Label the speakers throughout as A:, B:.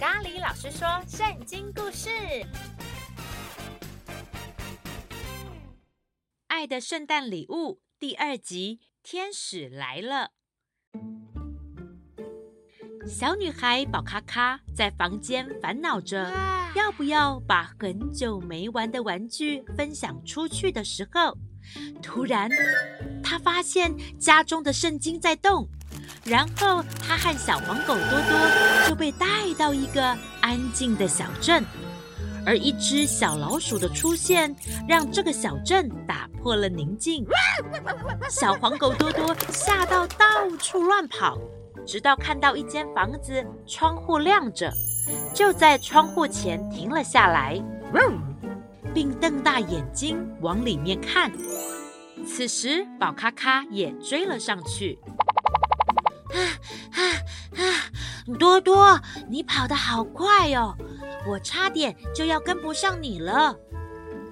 A: 咖哩老師說：“聖經故事《愛的聖誕禮物》第二集，天使來了。小女孩寶咖咖在房間煩惱着，要不要把很久沒玩的玩具分享出去的時候，突然，她發現家中的聖經在動。”然後，他和小黃狗多多就被帶到一個安靜的小鎮，而一隻小老鼠的出現讓這個小鎮打破了寧靜。小黃狗多多嚇到到處亂跑，直到看到一間房子窗戶亮着，就在窗戶前停了下來，並瞪大眼睛往裡面看。此時，寶咔咔也追了上去。啊啊啊！多多，你跑得好快哦，我差點就要跟不上你了。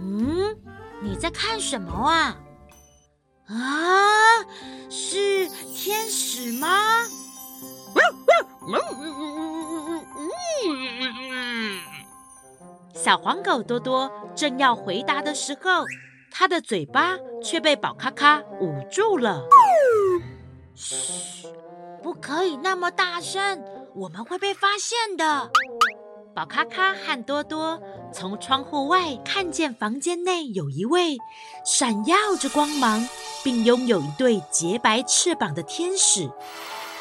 A: 嗯，你在看什麼啊？啊，是天使嗎？小黃狗多多正要回答的時候，它的嘴巴卻被寶咖咖捂住了。噓。不可以那麼大聲，我們會被發現的。寶咖咖和多多從窗戶外看見房間內有一位閃耀着光芒，並擁有一對潔白翅膀的天使，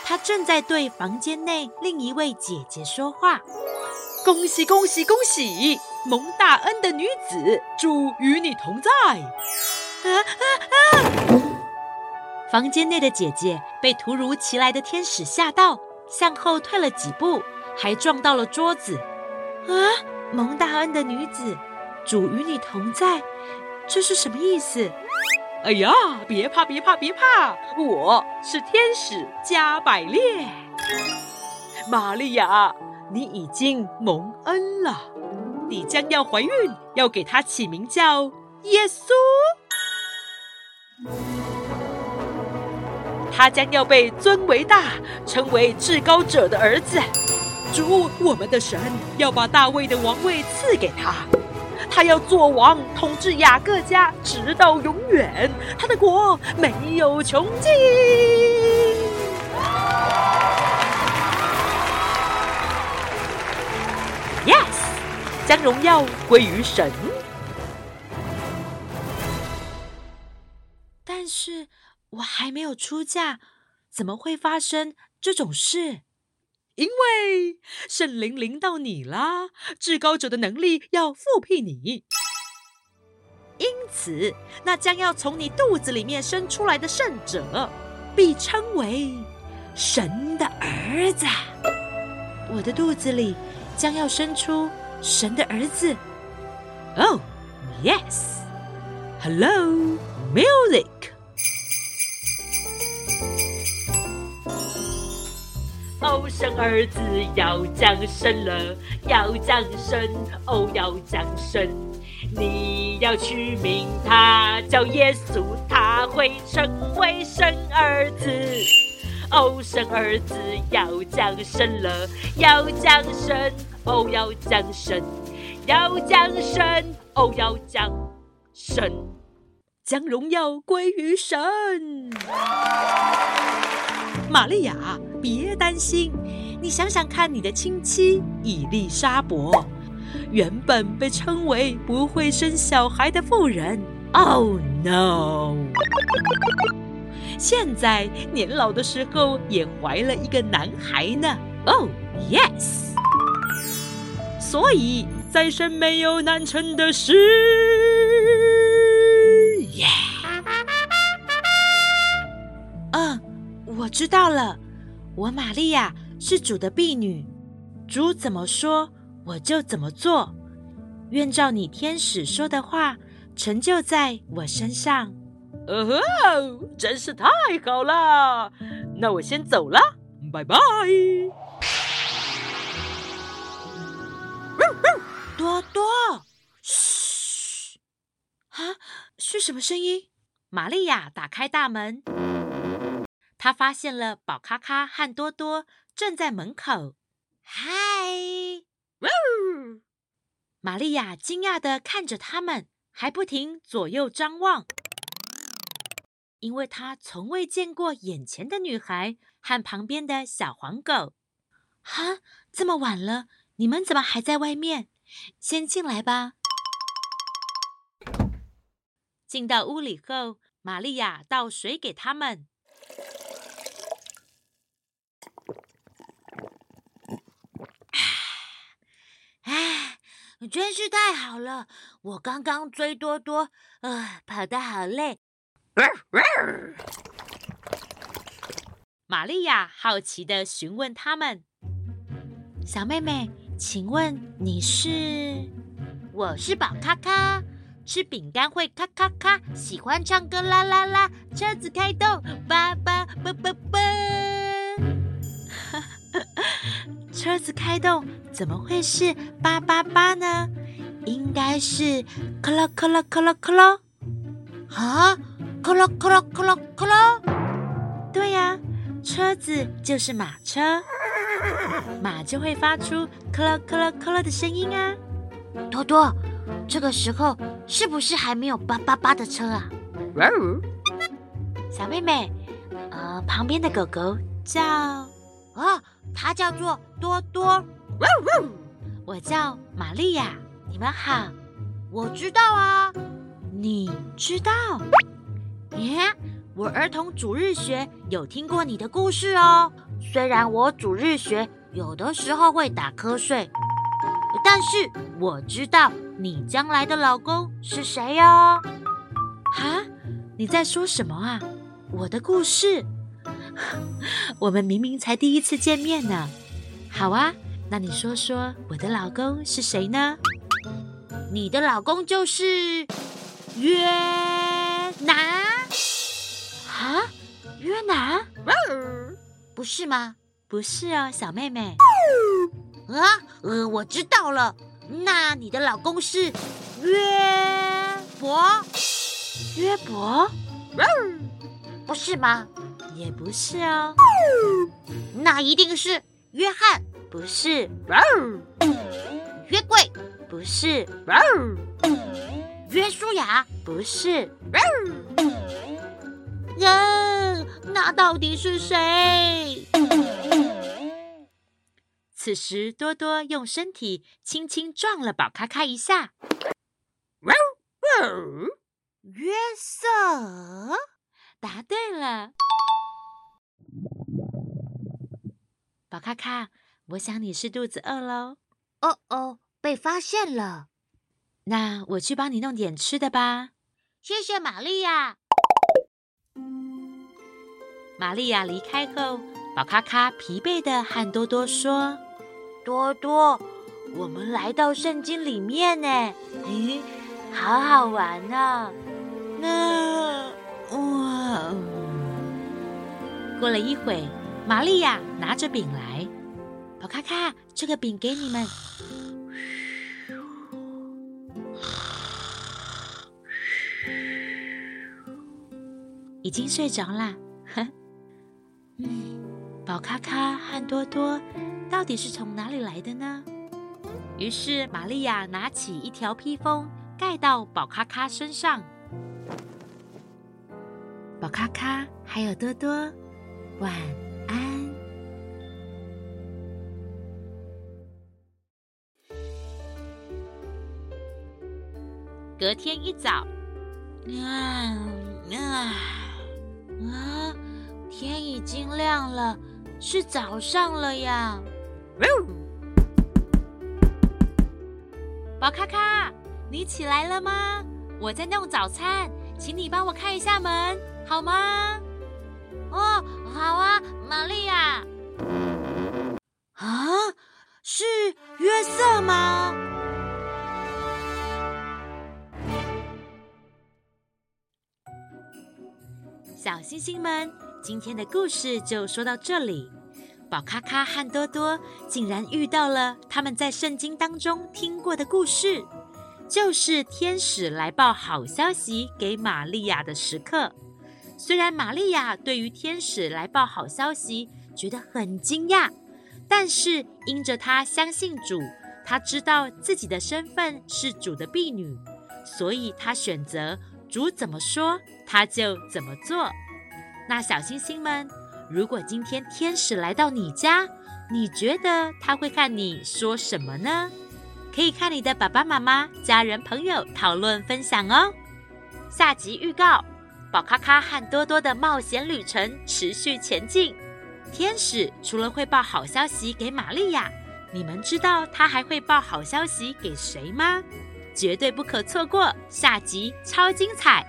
A: 他正在對房間內另一位姐姐說話：“恭喜恭喜恭喜，蒙大恩的女子，主與你同在。”啊啊啊啊！房間內的姐姐被突如其來的天使嚇到，向後退了幾步，還撞到了桌子。啊！蒙大恩的女子，主與你同在，這是什麼意思？哎呀，別怕，別怕，別怕！我是天使加百列。瑪利亞，你已經蒙恩了，你將要懷孕，要給他起名叫耶穌。他將要被尊為大，稱為至高者的兒子。主我們的神要把大衛的王位賜給他，他要做王，統治雅各家，直到永遠。他的國沒有窮盡。Yes，將榮耀歸於神。我還沒有出嫁，怎麼會發生這種事？因為聖靈臨到你啦，至高者的能力要覆庇你，因此那將要從你肚子裡面生出來的聖者，必稱為神的兒子。我的肚子裡將要生出神的兒子。哦、oh, yes. Hello, music. 哦，神兒子要降生了，要降生，哦，要降生。你要取名他叫耶穌，他會成為神兒子。哦，神兒子要降生了，要降生，哦，要降生，要降生，哦，要降生，將榮耀歸於神，瑪利亞。別擔心，你想想看，你的親戚伊麗莎白，原本被稱為不會生小孩的婦人，Oh no， 現在年老的時候也懷了一個男孩呢，Oh yes，所以在神沒有難成的事，Yeah。 嗯，我知道了。我瑪利亞是主的婢女，主怎麼說我就怎麼做，願照你天使說的話成就在我身上。哦吼，真是太好了！那我先走了，拜拜。多多，噓，啊，是什麼聲音？瑪利亞打開大門。他發現了寶咖咖和多多正在門口，嗨，瑪利亞驚訝地看着他們，還不停左右張望，因為她從未見過眼前的女孩和旁邊的小黃狗。哈、huh?，這麼晚了，你們怎麼還在外面？先進來吧。進到屋裡後，瑪利亞倒水給他們。真是太好了！我剛剛追多多，呃，跑得好累。呃呃，瑪利亞好奇地詢問他們：“小妹妹，請問你是？我是寶咖咖，吃餅乾會咖咖咖，喜歡唱歌啦啦啦，車子開動，叭叭叭叭叭。”車子開動，怎麼會是八八八呢？應該是咯咯咯咯咯咯咯，啊，咯咯咯咯咯咯咯，咯咯咯咯咯咯咯咯，對呀，啊，車子就是馬車，馬就會發出咯咯咯咯咯咯咯的聲音啊。多多，這個時候是不是還沒有八八八的車啊？哇哦。小妹妹，呃，旁邊的狗狗叫。啊、哦，他叫做多多，我叫瑪利亞，你們好，我知道啊，你知道？耶、yeah?，我兒童主日學有聽過你的故事哦，雖然我主日學有的時候會打瞌睡，但是我知道你將來的老公是誰哦。哈、啊，你在說什麼啊？我的故事。 我們明明才第一次見面呢。好啊，那你說說我的老公是誰呢？你的老公就是約拿。啊？約拿？不是嗎？不是啊、哦，小妹妹。啊？呃，我知道了。那你的老公是約伯？約伯？不是嗎？也不是哦、嗯，那一定是約翰，不是？嗯、約櫃，不是？嗯、約書亞，不是？那、嗯嗯、那到底是誰？嗯、此時多多用身體輕輕撞了寶咖咖一下。嗯、約瑟，答對了。寶咖咖，我想你是肚子餓嘍。哦哦，被發現了。那我去幫你弄點吃的吧。謝謝，瑪利亞。瑪利亞離開後，寶咖咖疲憊地和多多說：“多多，我們來到聖經裡面呢，咦、哎，好好玩呢、啊。那哇、哦，過了一會。”瑪利亞拿着餅來，寶咖咖，這個餅給你們。已經睡着啦，哼。嗯，寶咖咖和多多到底是從哪裡來的呢？於是，瑪利亞拿起一條披風蓋到寶咖咖身上。寶咖咖還有多多，哇。安。隔天一早，啊啊啊！天已經亮了，是早上了呀。呃、寶咖咖，你起來了嗎？我在弄早餐，請你幫我開一下門，好嗎？哦，好啊，瑪利亞。啊，是約瑟嗎？小星星們，今天的故事就說到這裡。寶咖咖和多多竟然遇到了他們在聖經當中聽過的故事，就是天使來報好消息給瑪利亞的時刻。雖然瑪利亞對於天使來報好消息覺得很驚訝，但是因着她相信主，她知道自己的身份是主的婢女，所以她選擇主怎麼說，她就怎麼做。那小星星們，如果今天天使來到你家，你覺得他會跟你說什麼呢？可以跟你的爸爸媽媽、家人、朋友討論分享哦。下集預告。寶咖咖和多多的冒險旅程持續前進。天使除了會報好消息給瑪利亞，你們知道他還會報好消息給誰嗎？絕對不可錯過，下集超精彩！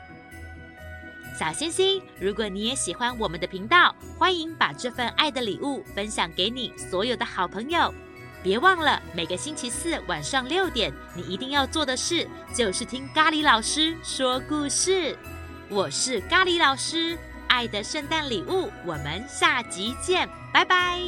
A: 小星星，如果你也喜歡我們的頻道，歡迎把這份愛的禮物分享給你所有的好朋友。別忘了，每個星期四晚上六點，你一定要做的事就是聽咖喱老師說故事。我是咖哩老師，愛的聖誕禮物，我們下集見，拜拜。